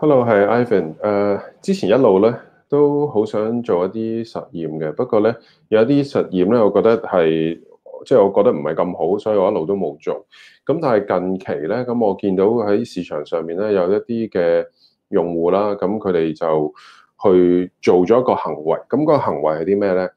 Hello，係 Ivan, uh。誒，之前一路咧都好想做一啲實驗嘅，不過咧有一啲實驗咧，我覺得係即係我覺得唔係咁好，所以我一路都冇做。咁但係近期咧，咁我見到喺市場上面咧有一啲嘅用戶啦，咁佢哋就去做咗一個行為。咁個行為係啲咩咧？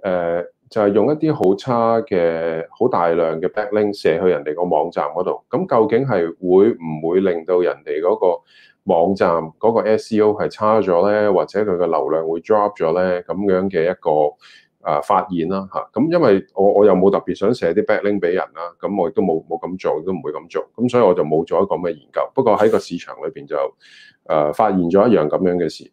誒，uh，就係用一啲好差嘅、好大量嘅 backlink 射去人哋個網站嗰度。咁究竟係會唔會令到人哋、那、嗰個……網站嗰個 SEO 係差咗咧，或者佢嘅流量會 drop 咗咧，咁樣嘅一個發啊發現啦嚇。咁因為我我又冇特別想寫啲 backlink 俾人啦，咁、啊、我亦都冇冇咁做，亦都唔會咁做，咁、啊、所以我就冇做一個咁嘅研究。不過喺個市場裏邊就啊發現咗一樣咁樣嘅事。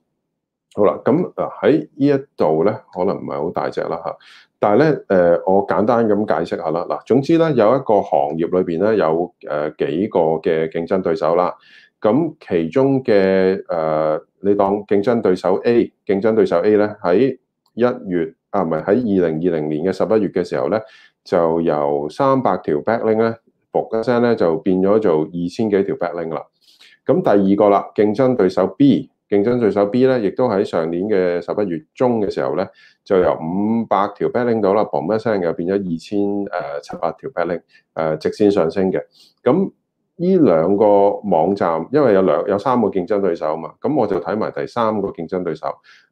好啦，咁啊喺呢一度咧，可能唔係好大隻啦嚇，但係咧誒，我簡單咁解釋下啦嗱。總之咧，有一個行業裏邊咧有誒幾個嘅競爭對手啦。咁其中嘅誒、呃，你當競爭對手 A，競爭對手 A 咧喺一月啊，唔係喺二零二零年嘅十一月嘅時候咧，就由三百條 backlink 咧，噏一聲咧就變咗做二千幾條 backlink 啦。咁第二個啦，競爭對手 B，競爭對手 B 咧，亦都喺上年嘅十一月中嘅時候咧，就由五百條 backlink 到啦，噏一聲又變咗二千誒七百條 backlink，呃、直線上升嘅。咁呢兩個網站，因為有兩有三個競爭對手嘛，咁我就睇埋第三個競爭對手。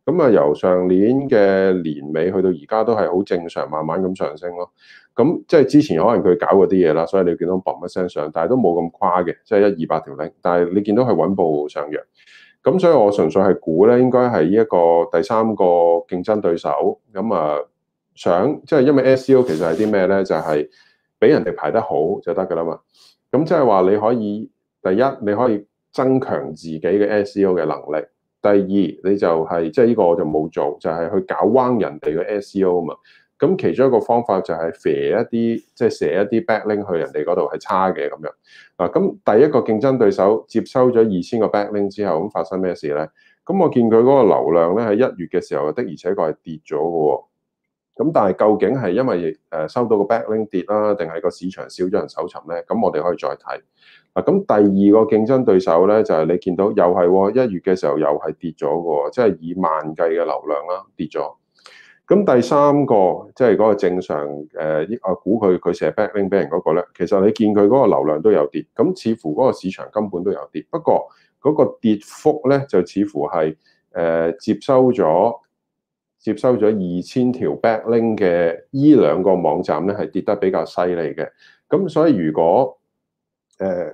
咁啊，由上年嘅年尾去到而家都係好正常，慢慢咁上升咯。咁即係之前可能佢搞嗰啲嘢啦，所以你見到嘣一聲上，但係都冇咁誇嘅，即係一二百條 link，但係你見到係穩步上揚。咁所以我純粹係估咧，應該係呢一個第三個競爭對手。咁啊，想即係因為 SEO 其實係啲咩咧？就係俾人哋排得好就得㗎啦嘛。咁即係話你可以，第一你可以增強自己嘅 SEO 嘅能力，第二你就係即係呢個我就冇做，就係、是、去搞彎人哋嘅 SEO 啊嘛。咁其中一個方法就係肥一啲即係寫一啲 backlink 去人哋嗰度係差嘅咁樣。嗱，咁第一個競爭對手接收咗二千個 backlink 之後，咁發生咩事咧？咁我見佢嗰個流量咧，喺一月嘅時候的，確的，而且確係跌咗嘅。咁但係究竟係因為誒收到個 backlink 跌啦，定係個市場少咗人搜尋咧？咁我哋可以再睇嗱。咁第二個競爭對手咧，就係你見到又係喎，一月嘅時候又係跌咗喎，即係以萬計嘅流量啦跌咗。咁第三個即係嗰個正常誒，我估佢佢寫 backlink 俾人嗰個咧，其實你見佢嗰個流量都有跌，咁似乎嗰個市場根本都有跌。不過嗰個跌幅咧，就似乎係誒接收咗接收咗二千條 backlink 嘅呢兩個網站呢，係跌得比較犀利嘅。咁所以如果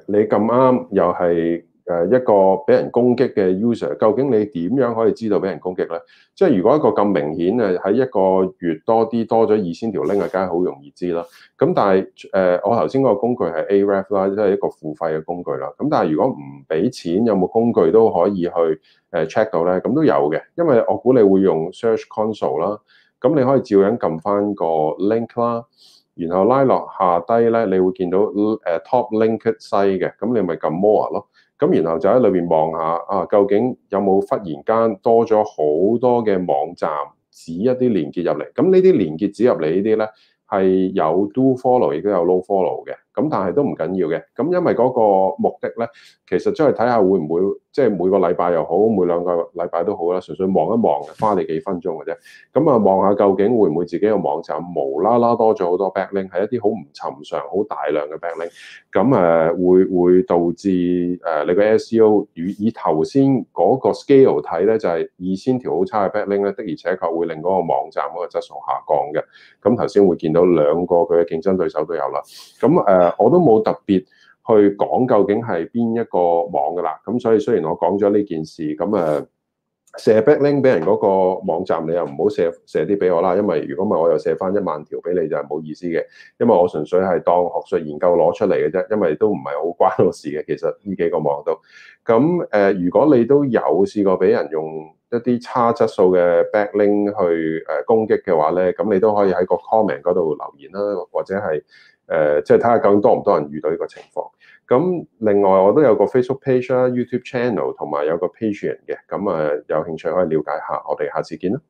你咁啱、呃、又係。誒一個俾人攻擊嘅 user，究竟你點樣可以知道俾人攻擊咧？即係如果一個咁明顯嘅，喺一個月多啲多咗二千條 link，梗係好容易知啦。咁但係誒、呃，我頭先嗰個工具係 Ahref 啦，即係一個付費嘅工具啦。咁但係如果唔俾錢，有冇工具都可以去誒 check 到咧？咁都有嘅，因為我估你會用 Search Console 啦。咁你可以照樣撳翻個 link 啦。然後拉落下低咧，你會見到誒 top link 西嘅，咁你咪撳 more 咯。咁然後就喺裏邊望下啊，究竟有冇忽然間多咗好多嘅網站指一啲連結入嚟？咁呢啲連結指入嚟呢啲咧，係有 do follow 亦都有 no follow 嘅。咁但係都唔緊要嘅，咁因為嗰個目的咧，其實出去睇下會唔會即係、就是、每個禮拜又好，每兩個禮拜都好啦，純粹望一望，花你幾分鐘嘅啫。咁啊，望下究竟會唔會自己個網站無啦啦多咗好多 backlink，係一啲好唔尋常、好大量嘅 backlink。咁誒，會會導致誒你個 SEO 以以頭先嗰個 scale 睇咧，就係二千條好差嘅 backlink 咧，的而且確會令嗰個網站嗰個質素下降嘅。咁頭先會見到兩個佢嘅競爭對手都有啦。咁、嗯、誒。我都冇特別去講究竟係邊一個網噶啦，咁所以雖然我講咗呢件事，咁誒、啊，射 back link 俾人嗰個網站，你又唔好射射啲俾我啦，因為如果唔係，我又寫翻一萬條俾你就係、是、冇意思嘅，因為我純粹係當學術研究攞出嚟嘅啫，因為都唔係好關我事嘅，其實呢幾個網度，咁誒，如果你都有試過俾人用一啲差質素嘅 back link 去誒攻擊嘅話咧，咁你都可以喺個 comment 嗰度留言啦，或者係。誒、呃，即係睇下更多唔多人遇到呢個情況。咁另外，我都有個 Facebook page YouTube channel 同埋有個 Patreon 嘅。咁啊，有興趣可以了解下。我哋下次見啦。